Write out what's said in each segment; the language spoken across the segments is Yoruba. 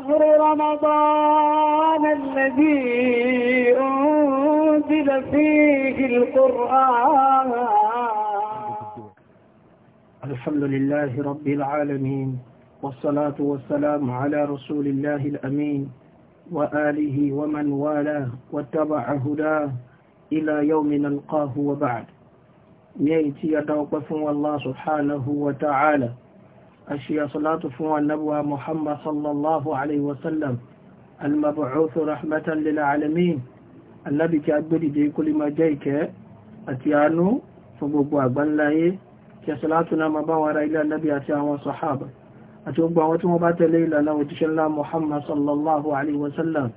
شهر رمضان الذي أنزل فيه القرآن الحمد لله رب العالمين والصلاة والسلام على رسول الله الأمين وآله ومن والاه واتبع هداه إلى يوم نلقاه وبعد نيتي يتوقف الله سبحانه وتعالى أشياء صلاة فوى النبوة محمد صلى الله عليه وسلم المبعوث رحمة للعالمين النبي كأبدي دي كل ما جايك أتيانو فبقوا أبن لاي كصلاتنا مباورة إلى النبي أتيان وصحابة أتوقع وتمبات ليلة نوتش الله محمد صلى الله عليه وسلم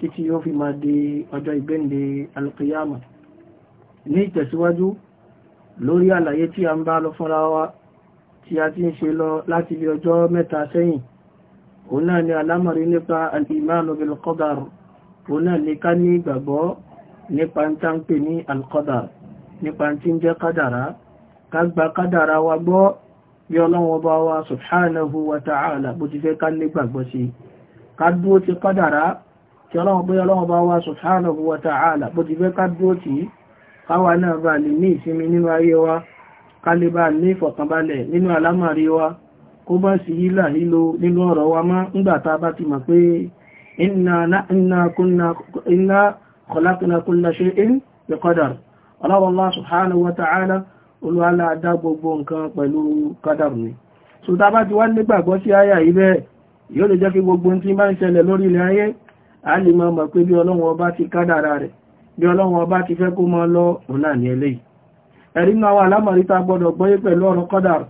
كتيو في fi máa di ọjọ́ ìgbéǹde alkiyama ní ìtẹ̀síwájú lórí àlàyé tí tí a ti ń ṣe lọ láti bí ọjọ́ mẹ́ta sẹ́yìn òun náà ni alámọ̀rí nípa al-imanu bil-qadar òun náà ni ká ní ìgbàgbọ́ nípa ń tá ń pè ní al-qadar nípa tí ń jẹ́ kádàrá ká gba kádàrá wa gbọ́ bí ọlọ́run ọba wa subhanahu wa ta'ala bó ti fẹ́ ká ní ìgbàgbọ́ sí ká dúó ti kádàrá kálébà ní ìfọ̀kànbalẹ̀ nínú alámàrí wa kó bá sí hílà hílo nínú ọ̀rọ̀ wa má ńgbàta bá ti mọ̀ pé iná kọlákùnakúnlá ṣe in ìkọdàr ọlọ́wọ́lá subhanahu wa ta'ala gbogbo nǹkan pẹ̀lú kọdàr ni so ta bá ti wá nígbàgbọ́ sí àyà ibẹ̀ yóò lè jẹ́ gbogbo tí bá ń ṣẹlẹ̀ lórí ilẹ̀ ayé a lè máa ọba ti kádàrà rẹ̀ bí ọlọ́run ọba ti fẹ́ kó òun ẹ̀rí náà wà lámọ̀ríta gbọ́dọ̀ gbọ́yé pẹ̀lú ọ̀rọ̀ kọ́dàrà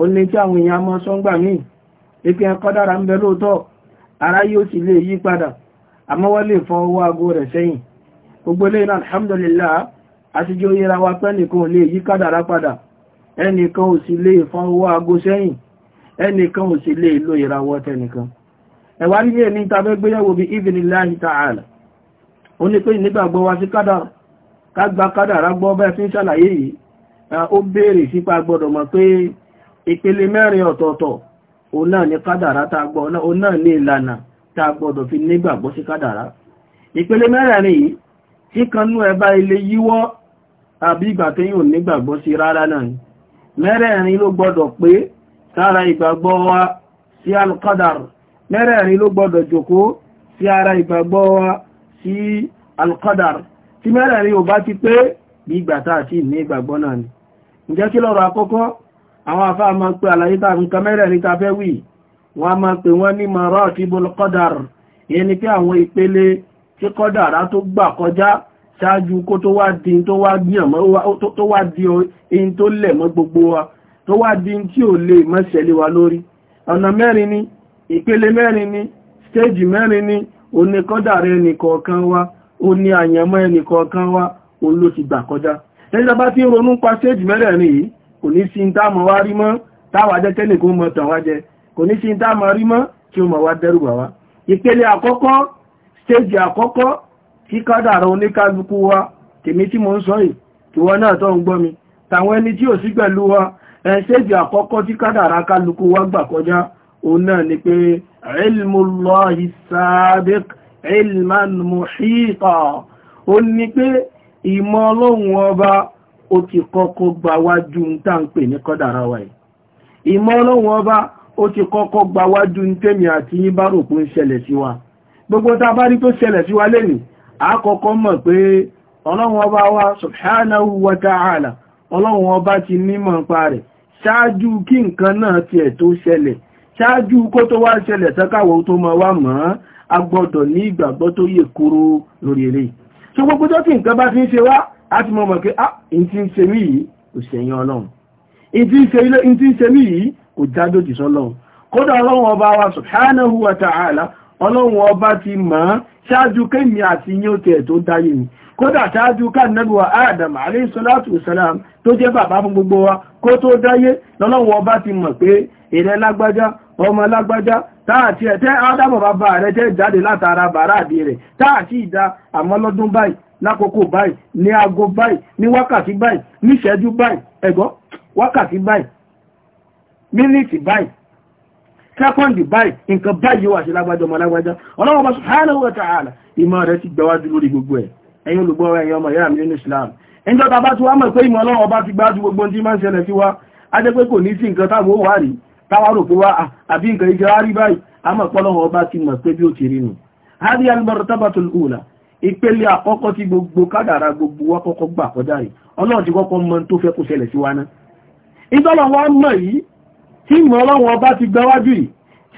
ó ní kí àwọn èèyàn mọ́ sọ́ngbà ipi ẹ kọ́dàrà ń bẹ lóòótọ́ ara yóò sì lè yí padà àmọ́ wọ́n owó aago rẹ̀ sẹ́yìn gbogbo ilé alhamdulillah oyera wa lo kágbà kádàrá gbọ́ bẹ́ẹ̀ fi ń ṣàlàyé yìí ó béèrè sípa gbọ́dọ̀ mọ̀ pé ìpele mẹ́rin ọ̀tọ̀ọ̀tọ̀ òun náà ni kádàrá tá gbọ́ òun náà ni ìlànà tá gbọ́dọ̀ fi nígbàgbọ́ sí kádàrá ìpele mẹ́rẹ̀ẹ̀rin yìí sí rárá náà ni sí alkadar mẹ́rẹ̀ẹ̀rin tí mẹ́rẹ̀ẹ̀rin ò bá ti pé bí ìgbà táà tí ní ìgbàgbọ́ náà ni ǹjẹ́ kí lọ́rọ̀ àkọ́kọ́ àwọn afá máa ń pè àlàyé tá nǹkan wì wọ́n pè wọ́n ní ni pé àwọn ìpele tí kọ́dàrá tó gbà kọjá ṣáájú kó tó wá di tó wá di ohun tó lẹ̀ mọ́ gbogbo wa tó wá di tí ò lè wa lórí ọ̀nà mẹ́rin ni ìpele mẹ́rin ni stéèjì mẹ́rin ni ẹnì kọ̀ọ̀kan wa ó ní àyànmọ́ ẹnìkọ̀ọ̀kan wá òun ló ti gbà kọjá ẹjọ́ bá tí ronú pa séèjì mẹ́rẹ̀ẹ̀rin yìí kò ní sí táàmù wá rí mọ́ táwà jẹ́ tẹ́lẹ̀ mọ jẹ kò ní sí táàmù rí mọ́ tí ó mọ̀ wá dẹ́rù wá ìpele àkọ́kọ́ àkọ́kọ́ kí kádàrà wa tèmi tí mo sọ náà ilman muhita ó ní pé ìmọ̀ ọlọ́run ọba ó ti kọ́kọ́ gba wájú ń tà ń pè ní kọ́dàrá wa yìí ìmọ̀ ọlọ́run ọba ó ti kọ́kọ́ gba wájú ń tẹ́mi àti yín bá rò pé ń ṣẹlẹ̀ sí wa gbogbo tá a bá rí tó ṣẹlẹ̀ sí wa lẹ́nu àkọ́kọ́ mọ̀ pé ọlọ́run ọba wa subhanahu wa ta'ala ọlọ́run ọba ti nímọ̀ pa rẹ̀ ṣáájú kí nǹkan náà tiẹ̀ tó ṣẹlẹ̀ ṣáájú kó tó wá ṣẹlẹ̀ tẹ́kàwọ́ tó mọ wá mọ́ a ní ìgbàgbọ́ tó yè kúrò lórí eré so gbogbo tó tí nǹkan bá fi ń ṣe wá a ti mọ̀ pé ah in ti ń ṣe mí yìí kò jádòjì kódà ọlọ́run ọba wa subhanahu wa ta'ala ọlọ́run ọba ti mọ̀ ṣáájú kéèmì àti tó dáyé mi kódà ṣáájú adam wasalam tó jẹ́ bàbá fún gbogbo wa kó tó dáyé lọ́lọ́run ọba ti mọ̀ pé ọmọ lágbájá táàtí ẹ̀ tẹ́ ádámọ̀ bàbá rẹ̀ tẹ́ jáde látara bàrá àdí rẹ̀ táàtí ìdá àmọ́ lọ́dún báyìí lákòókò báyìí ní aago báyìí ní wákàtí báyìí ní ìṣẹ́jú báyìí ẹ̀gbọ́ wákàtí báyìí mínítì báyìí sẹ́kọ́ndì báyìí nǹkan báyìí wà sí lágbájá wa ta'ala ìmọ̀ rẹ̀ ti gbáwájú lórí gbogbo ẹ̀ ẹ̀yin olùgbọ́ ẹ̀yin ọmọ ìyá mi nínú Islam ẹjọ́ ta bá ti wá mọ̀ pé ìmọ̀ ọlọ́wọ́ bá ti gbáwájú gbogbo ohun tí máa ń ṣẹlẹ̀ táwárò pé wá àbí nǹkan ìjọ àrí báyìí a mọ̀ pọ́lọ́wọ́ ọba ti mọ̀ pé bí ó ti rí nù hadi al-martabatul ula ìpele àkọ́kọ́ tí gbogbo kádàrà gbogbo wa gbà kọjá yìí ọlọ́run ti tó fẹ́ kó ṣẹlẹ̀ sí wa náà ìtọ́lọ̀ mọ̀ yìí tí ìmọ̀ ọlọ́run ọba ti gbáwájú yìí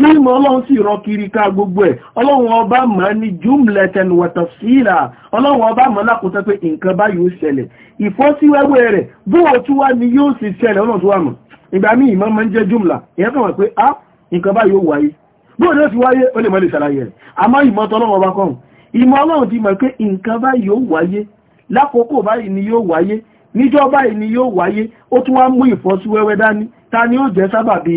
tí mọ́ ọlọ́run sì rọ kiri ká gbogbo ẹ̀ ọlọ́run ọba mọ́ ní jùmlẹ̀tẹ̀n wọ̀tọ̀síra ọlọ́run ọba mọ́ lákòótọ́ pé nǹkan bá yóò ṣẹlẹ̀ ìfọ́síwẹ́wẹ́ rẹ̀ bóò tí wá ni yóò sì ṣẹlẹ̀ ọlọ́run tó wà mọ̀ ìgbà míì mọ́ máa ń jẹ́ jùmlà ìyẹn kàn wọ́n pé á ah, nǹkan bá yóò wáyé bóò ló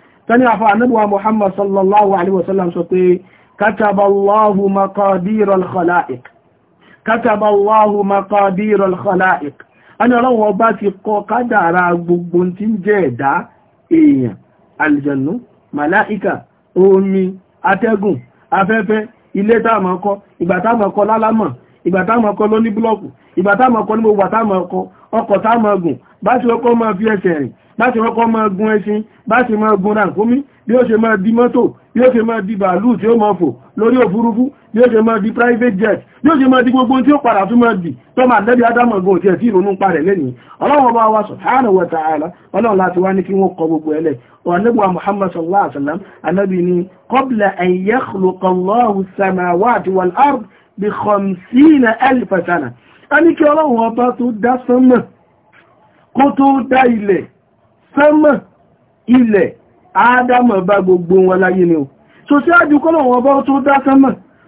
sani afa anabuwa muhammad sallallahu alaihi wasallam sọ pé kataballahu maqadiral khalaiq kataballahu maqadiral khalaiq ani ọlọ́run ọba ti kọ kádàrá gbogbo tí ń jẹ́ ẹ̀dá èèyàn aljannu màláìkà omi atẹ́gùn afẹ́fẹ́ ilé táàmọ́kọ́ ìgbàtàmọ́kọ́ lálámọ̀ ìgbàtàmọ́kọ́ lóní búlọ́ọ̀kù ìgbàtàmọ́kọ́ ní gbogbo àtàmọ́kọ́ ọkọ̀ táàmọ́gùn bá ṣe ọkọ́ máa fi ẹsẹ̀ rìn bá ṣe ọkọ́ máa gun ẹṣin bá ṣe máa gun ràǹkómí bí ó ṣe máa di mọ́tò bí ó ṣe máa di bàálù tí ó máa fò lórí òfurufú bí ó ṣe máa di private jet bí ó ṣe máa di gbogbo tí ó padà tún máa di tó máa lẹ́bí adámọ̀gbọ̀n tí ẹ̀ tí ìrònú parẹ̀ lẹ́nìí ọlọ́run bá wa subhanahu wa ta'ala ọlọ́run láti wá ní kí wọ́n kọ gbogbo ẹlẹ́ ọ̀nẹ́gbà muhammad sallallahu alaihi wasallam anábì ní kó tó dá ilẹ̀ sánmà ilẹ̀ bá gbogbo wọn láyé ni o so síwájú kọ́lọ̀wọ̀n ọba tó dá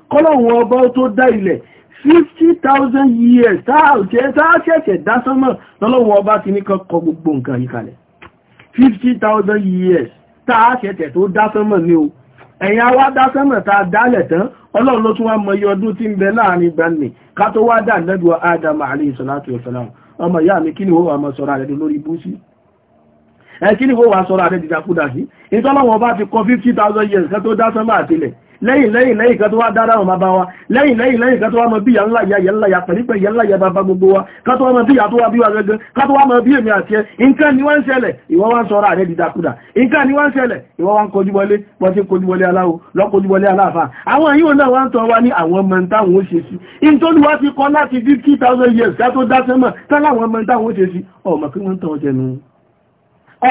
kọ́lọ̀wọ̀n ọba tó dá ilẹ̀ 50,000 years táàṣẹ̀ṣẹ̀ dá sánmà lọ́lọ́wọ̀n ọba ti ní kan kọ gbogbo nǹkan kalẹ̀ 50,000 years táàṣẹ̀ṣẹ̀ tó dá sánmà ni o dá tán ọlọ́run ló tún wá mọ ọmọ ìyá mi kí ni wọ́n wà mọ́ sọ́ra rẹ̀ lórí ibú sí ẹ kí ni wọ́n wà sọ́ra rẹ̀ dìdàkúdà sí ìtọ́lọ́wọ́n bá ti kọ 50,000 years kẹ́ tó dá sánmà àtilẹ̀ lẹ́yìn lẹ́yìn lẹ́yìn kan tó wá dára àwọn bàbá wa lẹ́yìn lẹ́yìn lẹ́yìn kan tó wá mọ bí yànlá ya yànlá ya pẹ̀lípẹ̀ yànlá ya bàbá gbogbo wa kan tó wá mọ bí yà tó wá bí wa gẹ́gẹ́ kan tó wá mọ bí èmi àti ẹ nǹkan ni wọ́n ń ṣẹlẹ̀ ìwọ wá ń sọ rẹ̀ di dákúdà nǹkan ni wọ́n ń ṣẹlẹ̀ ìwọ wá ń kojú wọlé wọ́n ti kojú wọlé aláwo lọ́ kojú wọlé aláàfà àwọn yìí náà wá ń tọ́ wa ní àwọn ọmọ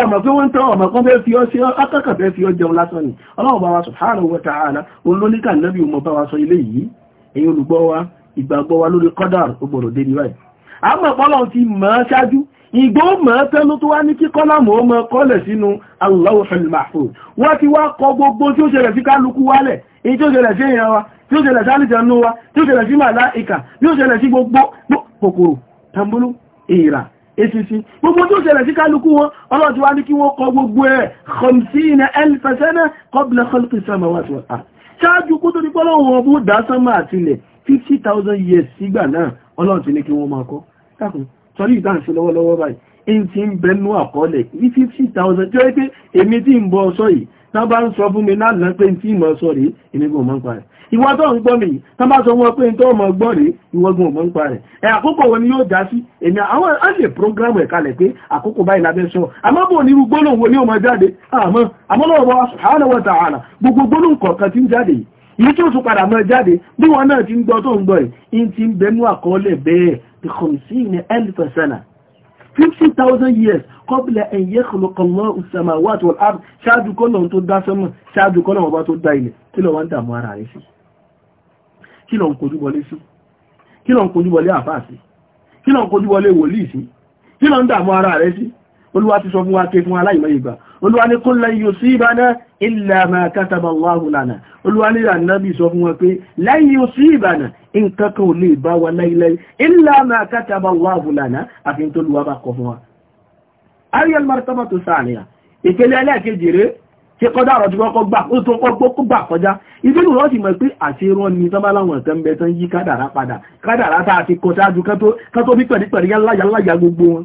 ọmọ pé wọ́n tán ọmọ kan fẹ́ fi ọ́ sí akẹ́kọ̀ọ́ fẹ́ fi ọ́ jẹun lásán ni ọlọ́run bá wa subhanahu wa ta'ala olóníkà nẹ́bí ọmọ bá wa sọ ilé yìí èyí olùgbọ́ wa ìgbàgbọ́ wa lórí kọ́dàr ògbòrò dé ní báyìí àmọ́ ọlọ́run ti mọ̀ ọ́ ṣáájú ìgbó mọ̀ ọ́ tẹnu tó wá ní kí kọ́lámù ọmọ kọ́lẹ̀ sínú Allahul mahfuz wọ́n ti wá kọ gbogbo tí ó ṣẹlẹ̀ tambulu èèrà èsìsì gbogbo tó ṣẹlẹ̀ sí kálukú wọn ọlọ́dí wá ní kí wọ́n kọ gbogbo ẹ̀ khamsina alfa sana qabla khalqi samawati wal ard ṣáájú kó tó ní pọ́lọ́ wọn bó dá sánmà àtilẹ̀ 50,000 years sígbà náà ọlọ́dí ní kí wọ́n máa kọ́ tákùn sọrí ìdáǹsí lọ́wọ́lọ́wọ́ báyìí tán bá ń sọ fún mi lánàá pé tí ìmọ̀ sọ rí ìmígun mọ́ ń parẹ̀ ìwọ tó ń gbọ́ mi yìí tán bá sọ wọn pé tó mọ̀ gbọ́ rí ìwọ́gun mọ́ ń parẹ̀ ẹ̀ àkókò wọn ni yóò dá sí èmi àwọn á lè prógrámù ẹ̀ kalẹ̀ pé àkókò báyìí lábẹ́ sọ àmọ́ bò ní gbólóhùn wo ni ó máa jáde 50,000 years kọ́bílẹ̀ ẹ̀yẹ́ kọlọ̀kọ̀lọ́ ìsẹ̀mà wà tó àrùn ṣáájú kọ́lọ̀ tó dá sọ́mọ̀ ṣáájú kọ́lọ̀ ọba tó dá ilẹ̀ kí lọ wọ́n dàmú ara rẹ̀ sí kí lọ ń kojúbọlé sí kí lọ ń kojúbọlé àfáà sí kí lọ ń kojúbọlé wòlíì sí kí lọ ń dàmú ara rẹ̀ sí olúwa ti sọ fún wa ké fún aláìmọ̀ ìgbà olúwa ní kó lẹ́yìn yóò sí ìbáná illa ma kataba Allahu lana olúwa ní ànábì sọ fún wọn pé lẹ́yìn yóò sí ìbáná nǹkan kan ò lè bá wa láìláì illa ma kataba Allahu lana àfi tó lùwà bá kọ fún wa. ariel martaba tó sáàníyà ìpele ẹlẹ́ẹ̀kejì rẹ̀ ṣe kọjá ọ̀rọ̀ tí kọ́kọ́ gbà ó tó kọ́kọ́ gbà kọjá ìdínú wọ́n sì wọn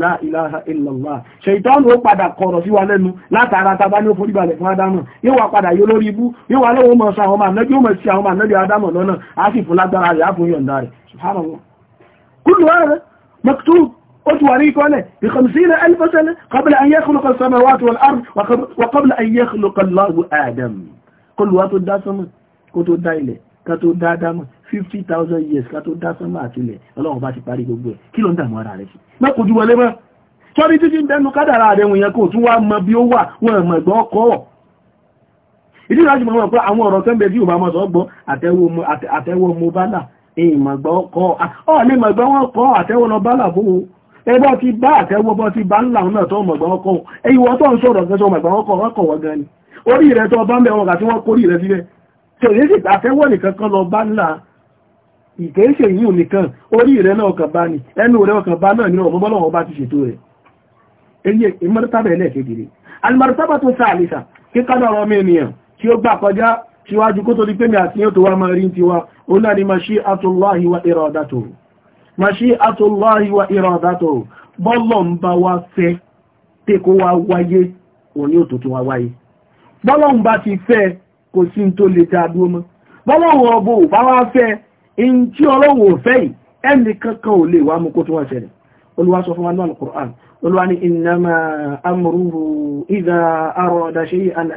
la ilaha illallah ṣèitọ́nù ó padà kọ̀rọ̀ sí wa lẹ́nu látara tàbá ní ó forí balẹ̀ fún adámọ̀ yóò wá padà yóò lórí ibú yóò wá lọ́wọ́ mọ̀ sáwọn ọmọ ànájú mọ̀ sí àwọn ọmọ ànájú adámọ̀ lọ́nà á sì fún lágbára rẹ̀ á yọ̀ǹda rẹ̀ subhanallah ألف سنة قبل أن يخلق السماوات والأرض وقبل أن يخلق الله آدم قل واتو الداسم كنتو الدائلة ká tó dá fifty thousand years ká tó dá sánmà àtìlẹ̀ ọlọ́run bá ti parí gbogbo ẹ̀ kí ló ń dààmú ara rẹ̀ sí má kojú wọlé mọ́ sọ́rí títí ń dẹnu kádàrà rẹ̀ wọ̀nyẹn kò tún wá mọ bí ó wà wọn mọ̀ gbọ́ kọ́ ìdí ìrájú mọ̀ pé àwọn ọ̀rọ̀ kan tí ò mọ̀ sọ gbọ́ àtẹ́wọ́ mo bálà ìmọ̀gbọ́ kọ́ ọ̀ ní ti bá àtẹ́wọ́ bọ́ ti bá ńlá náà tó mọ̀gbà ọkọ̀ ẹ̀yìn wọ́n tó ń sọ̀rọ̀ gẹ́sọ mọ̀gbà ọkọ̀ ọkọ̀ wọ́n gan ni orí rẹ̀ tó bá mẹ́wọn àti wọ́n kórí rẹ̀ síbẹ̀ nye onye si àfẹ́wọ́ nìkan kan lọ bá ńlá ìkẹ́ṣe yìí nìkan orí rẹ̀ náà ọkàn bá ní ẹnu rẹ̀ ọkàn bá náà nínú ọmọbọ́lọ́wọ́ ti ṣètò rẹ̀ èyí ìmọ̀rítàbà ẹlẹ́ẹ̀kejì alìmọ̀rítàbà tó sáàlìsà kíkádà ọmọ ènìyàn tí ó gbà kọjá síwájú kó tó di pé wa wa kò sí tó lè dá dúró mọ́ bọ́lọ́wọ́ ọbọ ò bá wá fẹ́ in tí ọlọ́wọ́ ò fẹ́ yìí ẹnì kankan ò lè wá mú kó tún wá ṣẹlẹ̀ olúwa sọ fún wa náà al-Qur'an olúwa ní innama amruhu idha arada shay'an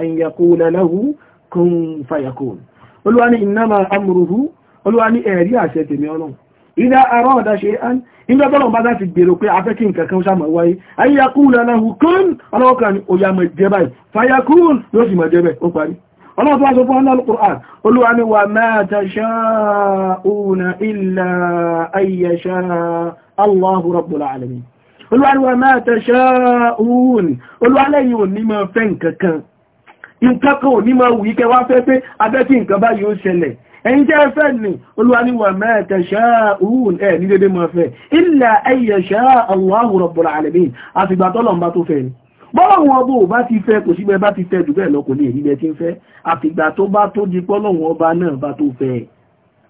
ṣe án bá láti gbèrò pé afẹ́kí nǹkankan sáàmà wáyé ayíyakú lẹ́nà hùkún ọlọ́ọ̀kan ni ó fayakún yóò sì mọ̀ jẹ́ ó parí ọlọ́run tó wá sọ fún ọ́nà al-Qur'an olúwa ni wa ma tasha'una illa an yasha Allahu rabbul alamin olúwa ni wa ma tasha'un olúwa lẹ́yìn òní máa fẹ́ nǹkan kan nǹkan kan òní máa wù ike wá fẹ́ pé abẹ́tí nǹkan bá yóò ṣẹlẹ̀ ẹ̀yin jẹ́ fẹ́ ni olúwa ni wa ma tasha'un ẹ̀ ní máa fẹ́ illa an yasha Allahu rabbul bọ́lọ̀wọ̀n ọba ò bá ti fẹ́ kò síbẹ̀ bá ti fẹ́ jù bẹ́ẹ̀ lọ kò lè rí bẹ́ẹ̀ tí ń fẹ́ àfìgbà tó bá tó di pọ́lọ̀wọ̀n ọba náà bá tó fẹ́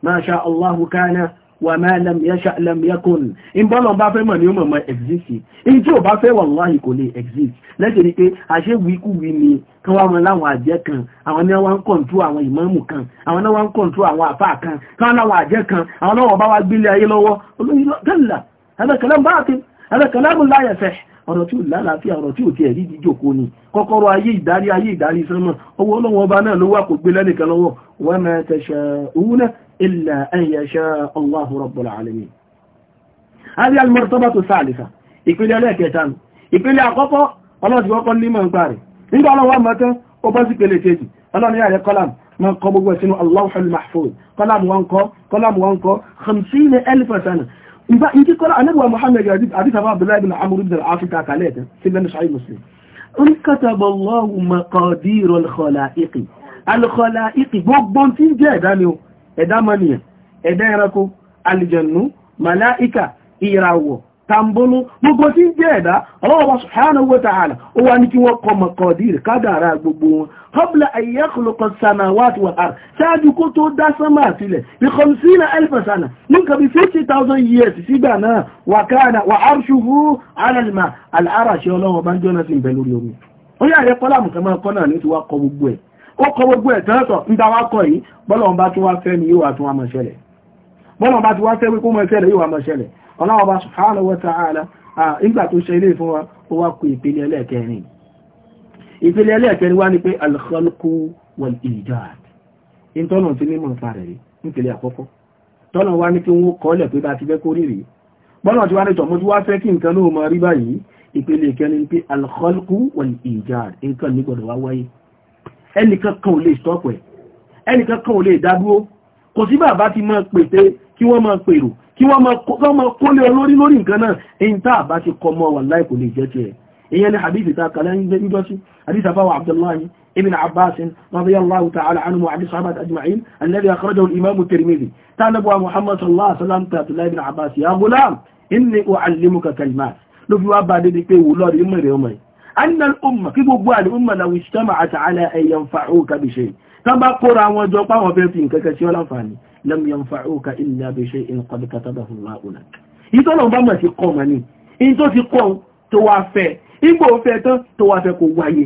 ma sha Allahu kana wa ma bá fẹ́ mọ̀ ní exist in tí ò bá fẹ́ wàláhì kò lè exist lẹ́sẹ̀ ni pé àṣẹ wíkúwí ni kan wá wọn láwọn àjẹ́ kan àwọn ní wọ́n ń kọ̀ǹtú àwọn ìmáàmù هذا كلام باطل هذا كلام لا يصح ọ̀rọ̀ tí ò lálàáfíà ọ̀rọ̀ tí ò tiẹ̀ rí jíjòkó ni kọ́kọ́rọ́ ayé ìdarí ayé ìdarí sánmọ̀ ọwọ́ ọlọ́wọ́ ọba náà ló wà kò gbé lẹ́nìkan lọ́wọ́ wa ma tasha'una illa an yasha Allahu rabbul alamin. hadhihi al-martabatu thalitha ìpele ẹlẹ́ẹ̀kẹta nù ìpele àkọ́kọ́ ọlọ́sìn kọ́kọ́ ní mọ̀ ń parí nígbà ọlọ́wọ́ àmọ́tán ó ma kọ gbogbo ẹ̀sìn Allahul mahfuz kọ́làm wọn kọ́ kọ́làm wọn kọ́ 50 sana ìgbà ìdí kọ́lá anábíwá Muhammad àdìsàbá Abdullahi bin Amr bin Afrika kalẹ̀ ẹ̀tẹ́ sí lẹ́nu ṣáì Muslim orí kàtàbọ̀ lọ́wọ́ maqadirul khalaiqi al-khalaiqi gbogbo tí ń jẹ́ ẹ̀dá ni ó ẹ̀dá mọ́niyàn ẹ̀dá ẹranko alìjẹ̀nú màláìkà ìràwọ̀ tambolo gbogbo tí ń jẹ́ ẹ̀dá Allah subhanahu wa ta'ala ó wá ní kí wọ́n kọ mọ̀kọ̀dìrì kádàrá gbogbo wọn qabla an yakhluqa as-samawati wal-ard ṣáájú kó tó dá sánmà àtìlẹ̀ bí khamsina alfa sana ní nǹkan bí fifty thousand years sígbà náà wa kana wa arshuhu ala al-ma' al-arash ọlọ́wọ́ bá ń jọ́nà sí ìbẹ̀ lórí omi ó yà rẹ kọ́lá mùkàmá kọ́ náà ní ti wá kọ gbogbo ẹ̀ ó kọ gbogbo ẹ̀ tẹ́lẹ̀tọ̀ ń dá wá kọ yìí bọ́lọ̀ ń bá tún wá fẹ́ ni yóò wá tún wá mọ̀ ṣẹlẹ̀ bọ́nà bá ti wá fẹ́ wípé mọ́ ẹ̀ṣẹ́lẹ̀ yóò wà mọ́ ṣẹlẹ̀ ọlọ́wọ́ bá subhanahu wa ta'ala ìgbà tó ṣe ilé fún wa ó wá kú ìpele ẹlẹ́ẹ̀kẹrin ìpele ẹlẹ́ẹ̀kẹrin wá ní pé al-khalqu wal-ijad ìtọ́nà tí mímọ̀ fa rẹ̀ rí nípele àkọ́kọ́ tọ́nà wá ní kí wọ́n kọ́lẹ̀ pé bá ti fẹ́ kó rí rí bọ́nà tí wá ẹnìkan kan ò lè stọ́pẹ̀ kò sí bàbá ti máa pète kí wọ́n máa pèrò kí wọ́n máa kólé olórí lórí nǹkan náà èyí tá àbá ti kọ mọ́ wà láì kò lè jẹ́ tiẹ̀ èyàn ni hadith ta kàlẹ́ ń jọ́sí hadith afáwà abdullahi ibn abbas radiyallahu ta'ala anhu wa hadith sahabat ajma'in alladhi akhrajahu al-imam at-tirmidhi ta nabuwa muhammad sallallahu alaihi wasallam ta abdullahi ibn abbas ya gulam inni u'allimuka kalimat ló fi wá bá dé pé tán bá kóra wọn jọ páwọn fẹ́ fi nǹkan kẹsí ọláǹfààní lam yanfa'uka illa bi shay'in qad katabahu Allahu lak ìtọ́lọ̀ bá mọ̀ sí kọ́ mọ̀ ní in tó kọ́ tó wá fẹ́ ipò fẹ́ tán tó wá fẹ́ kó wáyé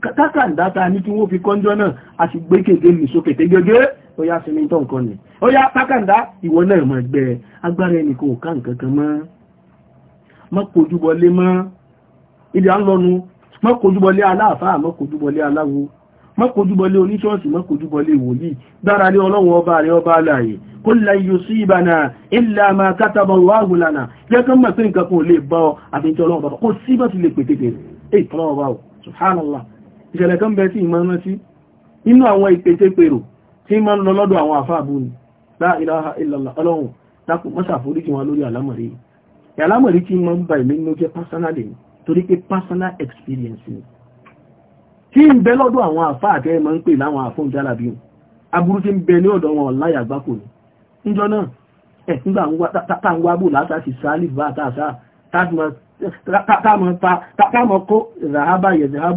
kákàndá ta ní kí wọ́n fi kọ́njọ́ náà a sì gbé kéde mi sókè tégégé ó yá sinmi tán kan ni ó yá kákàndá ìwọ náà mọ̀ gbẹ agbára ẹnì kò ká nǹkan kan mọ́ mọ́ mọ́ ilé alọ́nu mọ́ aláàfáà mọ́ aláwo mọ́ oníṣọ́ọ̀sì mọ́ kojúbọlé dára lé ọlọ́run ọba rẹ ọba aláàyè kó la yusibana illa ma kataba Allahu lana jẹ́ kán mọ̀ sí nǹkan kan ò lè bá ọ àfi bàbá kó síbẹ̀ sí lè pètè tèrè èyí bá ọ subhanallah ìṣẹ̀lẹ̀ kan bẹ tí ìmọ̀ rántí inú àwọn ìpèsè pèrò tí ma ń lọ lọ́dọ̀ àwọn àfáàbù ni la ilaha tako mọ́sà foríjì wọn lórí àlámọ̀rí àlámọ̀rí tí ma ń ba jẹ́ personal ni torí pé personal experience ni tí ń bẹ lọ́dọ̀ àwọn àfáà ma ń pè láwọn àfóhùn o aburú tí ń bẹ ní ọ̀dọ̀ wọn láyà gbáko níjọ náà ẹ̀ nígbà tá ń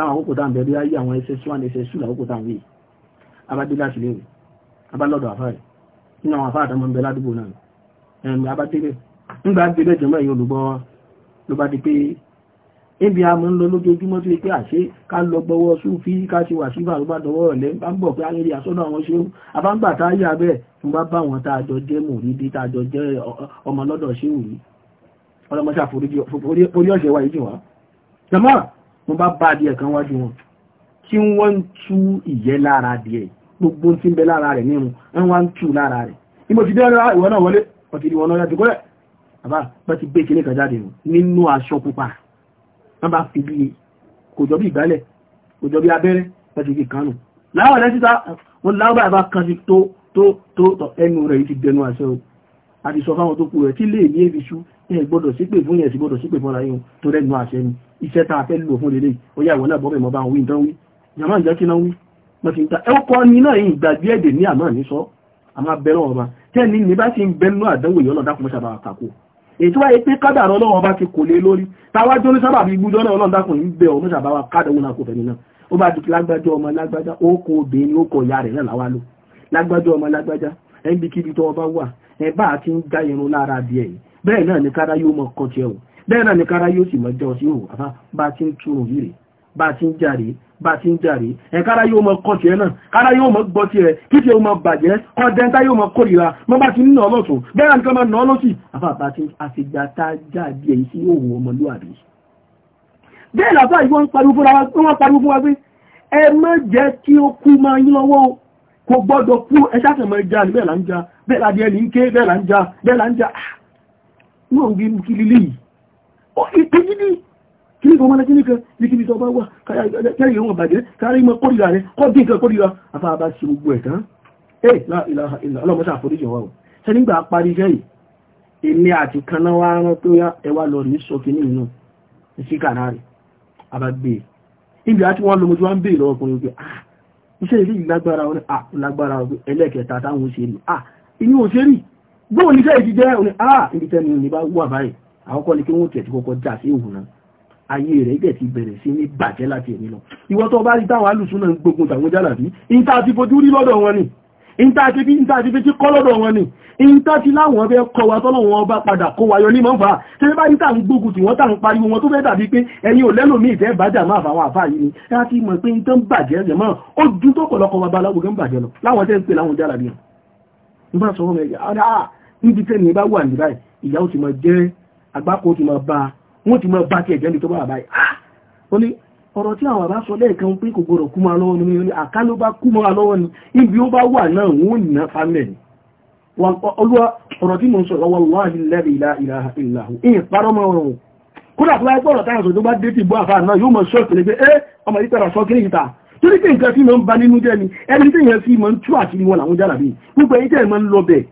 táwọn àkókò tá à ń bẹ̀rẹ̀ ayé àwọn ss1 ss2 làkókò tá à ń wí abádé láti léèrè abálọ́dọ̀ àfáà rẹ̀ nínú àwọn àfáà àtàwọn ọmọbẹ ládùúgbò náà ẹ̀mí abádélé nígbà délé jẹ́mọ́ ẹ̀yìn olùgbọ́ ló bá di pé ebi a mọ́ ń lọ lójoojúmọ́ tó pé àṣé ká lọ gbọ́wọ́ súnfí ká ṣe wà síbà ló bá dọwọ́ ọ̀lẹ́ bá ń bọ̀ pé ayẹyẹ àsọ́dọ̀ àwọn ṣeun abáǹgbà tá yà bẹ́ẹ̀ tó bá bá wọn tá a jọ jẹ́ mòrídé tá a jọ jẹ́ ọmọ lọ́dọ̀ ṣeun rí ọlọmọṣà forí ọ̀ṣẹ̀ wa jù wá wọ́n bá bá adìẹ kan wájú wọn tí wọ́n ń tú ìyẹ́ lára adìẹ gbogbo tí ń bẹ lára rẹ̀ nínú wọ́n wá ń tú lára rẹ̀ ìmọ̀ ti dé ìwọ náà wọlé ọ̀tí ìwọ náà yàtí kọ́lẹ̀ bàbá bá ti gbé kíní kan jáde nínú aṣọ pupa wọ́n bá fi bí kò jọ bí ìgbálẹ̀ kò jọ bí abẹ́rẹ́ bá ti fi kánù láwọn ẹ̀rẹ́ síta wọ́n láwọn bá kan sí tó tó tó ẹnu rẹ̀ yìí ti dẹnu àṣẹ o àti sọ fáwọn tó ẹ gbọ́dọ̀ sípè fún yẹn sì gbọ́dọ̀ sípè fún ara yín tó rẹ́nu àṣẹ ni iṣẹ́ tá a fẹ́ lò fún lélẹ̀ ó yà wọ́n náà bọ́mọ̀ ìmọ̀ bá wọn wí nǹkan wí jàmá ìjọ kí náà ni náà yìí gbàgbé ẹ̀dẹ̀ ní àmọ́ ní sọ àmọ́ abẹ́rẹ́ ọba tẹ́ni ní bá ti ń bẹnu àdánwò yìí ọlọ́dà kò mọ́ sábà kàkó èyí tó wáyé pé kádàrọ ọlọ́run ọba ti kò lé lórí táwa jóni sábà bí gbújọ́ náà ọlọ́run dákùn ń bẹ ọmọ sábà wa lágbájá ẹ̀ ń bí kíbi tó ọba wà ẹ̀ bá ń já irun lára díẹ̀ yìí bẹ́ẹ̀ náà ní kára yóò mọ kọ́ tiẹ̀ o bẹ́ẹ̀ náà ní kára yóò sì mọ jẹ́ ọ sí òwò àfá bá ti ń túrùn yìí rè bá ti ń jàre bá ti ń jàre ẹ̀ kára yóò mọ kọ́ tiẹ̀ náà kára yóò mọ gbọ́ tiẹ̀ kí tiẹ̀ ó mọ bàjẹ́ ọ̀dẹ́ntá yóò mọ kórìíra mọ́ bá ti ń nà ọ́ lọ́tún bẹ́ẹ̀ nǹkan máa nà ọ́ lọ́sì àfá bá ti àfìgbà tá a já bí èyí sí òwò ọmọlúwàbí. bẹ́ẹ̀ làbá yìí wọ́n pariwo fún náà ń bí kí lílé yìí ó sì pé jíjí kí ní ọmọ alájí nìkan ní kí ní tọ́ bá wà káyà ìwọ̀n bàjẹ́ káyà ìmọ̀ kórìíra rẹ kọ́ dín nǹkan kórìíra afá bá ṣe gbogbo ẹ̀ tán ẹ̀ lọ́mọṣà àforíjì wa o ṣe nígbà parí iṣẹ́ yìí èmi àti kaná wá rán tó yá ẹwà lọ rí sọ kí ní inú ìsíkàrá rẹ̀ àbágbé ibi e. àti wọ́n lọmọdé wá ń bèèrè ọkùnrin pé ah iṣẹ́ ilé ìlágbára ah, ẹlẹ́kẹta táwọn òṣèré ah inú òṣèré bóò ní sẹ́yìn ti jẹ́ òní àà ah, níbi tẹ́nu ní bá wà báyìí àkọ́kọ́ ni kí wọ́n tẹ̀ ti kọ́kọ́ já sí òun náà ayé rẹ̀ ìgbẹ̀ ti bẹ̀rẹ̀ sí ní bàjẹ́ láti ẹ̀mí lọ ìwọ tó bá rí táwọn alùsùn náà ń gbógun tàwọn jálàbí ìta ti fojú rí lọ́dọ̀ wọn ni ìta ti fi ìta ti fi ti kọ́ lọ́dọ̀ wọn ni ìta ti láwọn ọbẹ̀ kọ wa tọ́lọ́wọ́n ọba padà kó wa yọ ní mọ́fà tí wọ́n bá ní tàà ń gbógun tí wọ́n tàà ń pariwo wọn tó fẹ́ dàbí pé ẹ̀yin ò lẹ́lòmí ìfẹ́ bàjẹ́ àmọ́ àfàwọn àfà yìí ni ẹ ti mọ̀ pé ìtàn bàjẹ́ jẹ̀mọ́ ó dún tó pọ̀lọpọ̀ babaláwo gan bàjẹ́ lọ láwọn tẹ́ ń pè láwọn jálàbí wọn. Ah, níbi tẹ́ni ẹ bá wà ní báyìí ìyá ó ti mọ jẹ́ agbákò ti mọ bá wọ́n ti mọ bá ti ẹ̀jẹ̀ ní tó bá wà ah ó ní ọ̀rọ̀ tí àwọn àbá sọ lẹ́ẹ̀kan pé kò gbọdọ̀ kú mọ́ lọ́wọ́ ni wọ́n ní àká ló bá kú mọ́ lọ́wọ́ ni ibi ó bá wà náà wọ́n nà fámẹ̀ ni olúwa ọ̀rọ̀ tí mo ń sọ lọ́wọ́ wallahi lẹ́rìí ilá ilá ilá ìyẹn parọ́ mọ́ ọ̀rọ̀ kódà tó láyé pọ̀rọ̀ táyà sọ tó bá dé ti bọ́ àfa náà yóò mọ̀ sọ́ọ̀tì lé pé ẹ ọmọ yìí tẹ̀rọ sọ kiri ìta torí pé nǹkan tí mo ń ba nínú jẹ́ ni ẹni tí yẹn fi mọ̀ ń tú àṣírí wọn làwọn jára bíi gbogbo ẹ̀yìn tẹ̀ mọ̀ ń lọ bẹ̀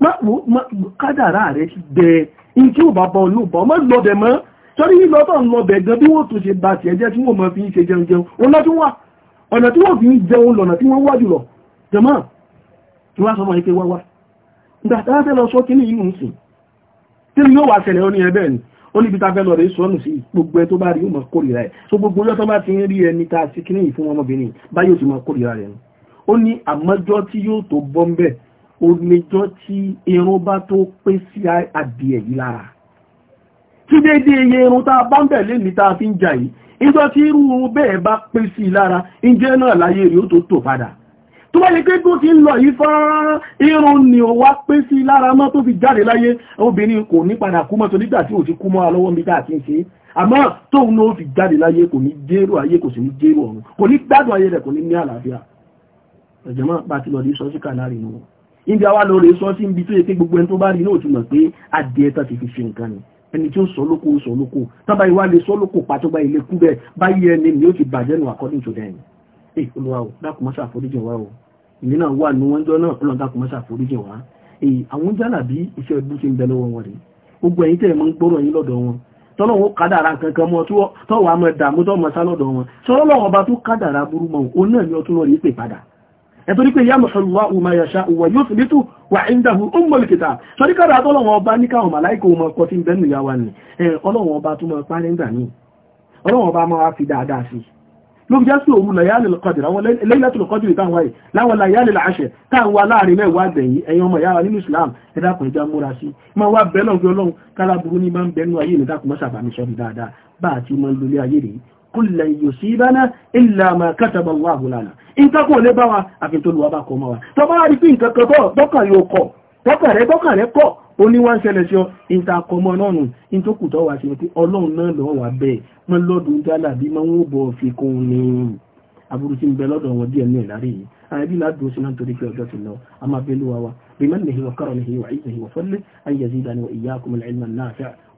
kádàrá rẹ̀ ti gbẹ in tí ò bá bọ́ ló bọ́ mọ́ lọ́bẹ̀ mọ́ sọ́rí lílọ́ tó ń lọ́bẹ̀ gan bí wọ́n tún ṣe bá tiẹ̀ jẹ́ tí wọ́n mọ́ fi ń ṣe jẹun jẹun ọ̀nà tí wọ́n ọ̀nà tí wọ́n fi ń jẹun lọ́nà tí wọ́n wá jùlọ jẹmọ́ tí wọ́n sọ mọ́ ike wáwá nígbà fẹ́ lọ sọ kí ní inú ń sìn ni yóò wá ṣẹlẹ̀ ó ní ẹbẹ̀ ni ó níbi ta fẹ́ lọ rẹ̀ sọ́nù sí gbogbo ẹ tó bá rí ọmọ kórìíra ẹ̀ so gbogbo ọjọ́ tó bá ti ń rí ẹni ta sí kí ní ìfún ọmọbìnrin báyìí ó ti mọ kórìíra rẹ̀ ó ní àmọ́jọ́ tí yóò tó bọ́ ń bẹ́ẹ̀ oníjọ́ tí irun bá tó pé sí adìẹ yìí lára tí dédé iye irun tá a bá ń bẹ̀ lè ní tá a fi ń jà yìí ìjọ tí irú bẹ́ẹ̀ bá pé sí lára ìjẹ́ náà láyé rí ó tó tò padà tó bá pé tó ti ń lọ yìí fọ́nrán irun ni ó wá pé sí lára mọ́ tó fi jáde láyé obìnrin kò ní padà kú mọ́ tó nígbà tí ò ti kú mọ́ alọ́wọ́ mi tá a ti ń ṣe é àmọ́ tóun ló fi jáde láyé kò ní jẹ́rò ayé kò sì ní jẹ́rò ọ̀run kò ní gbádùn ayé rẹ̀ kò ní ní àlàáfíà ẹ̀jẹ̀ máa bá sọ́síkà láàrin wọn níbi àwa lọ rẹ̀ sọ tí ń bi tó yẹ pé gbogbo ẹni tó bá rí náà ti mọ̀ pé adìẹ tán ti fi ṣe nǹkan ni ẹni tí ó sọ lóko sọ lóko tábà ìwà lè sọ lóko pàtọ́gbà ilé kú bẹ́ẹ̀ báyìí ẹni ni ó ti bàjẹ́ nù according to them ẹ olúwa o dákun mọ́ṣà àforíjì wa o ìní náà wà ní wọ́n jọ náà ọlọ́run dákun mọ́ṣà àforíjì wa èyí àwọn jálà bí iṣẹ́ ẹbú ti ń bẹ lọ́wọ́ wọn rè gbogbo ẹ̀yin tẹ̀ mọ́ ń gbọ́rọ̀ yín lọ́dọ̀ wọn tọ́lọ́wọ́ kádàrà kankan mọ́ tọ́wọ́ àmọ́ ẹ̀dààmú tọ́ ẹ̀tọ́rí pé yamhullahu ma yasha'u wa yuthbitu wa indahu ummul kitab sọ́rí kára àtọ́lọ́wọ́ ọba ní káwọn màláìkò ọmọ ọkọ̀ tí ń bẹ́nu ìyá wa nì ọlọ́wọ́ ọba tó máa parí ńgbà ní ọlọ́wọ́ ọba máa fi dáadáa sí ló fi já sí òru layalil qadr àwọn laylatul qadr táwọn wáyé láwọn layalil ashr táwọn wá láàrin mẹ́wàá gbẹ̀yìn ẹ̀yin ọmọ ìyá wa nínú Islam ẹ dákun ẹja múra sí máa wá bẹ́ẹ̀ lọ́n kullan yusibana illa ma kataba Allahu lana nǹkan kò lè bá wa àfi tó lùwà bá kọ mọ́ wa tó bá rí pé nǹkan kọ́ tọ́kàn yóò kọ̀ tọ́kàn rẹ̀ tọ́kàn rẹ̀ kọ̀ ó ní wá ń ṣẹlẹ̀ sí ọ ìtàkọmọ náà nù ní tó kù tọ́ wá sí ni ọlọ́run náà lọ́wọ́ wà bẹ́ẹ̀ wọ́n lọ́dún jálà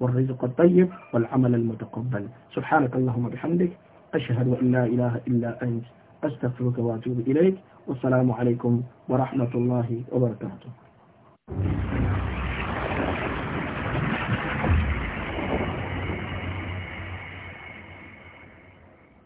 والرزق الطيب والعمل المتقبل سبحانك اللهم بحمدك أشهد أن لا إله إلا أنت أستغفرك وأتوب إليك والسلام عليكم ورحمة الله وبركاته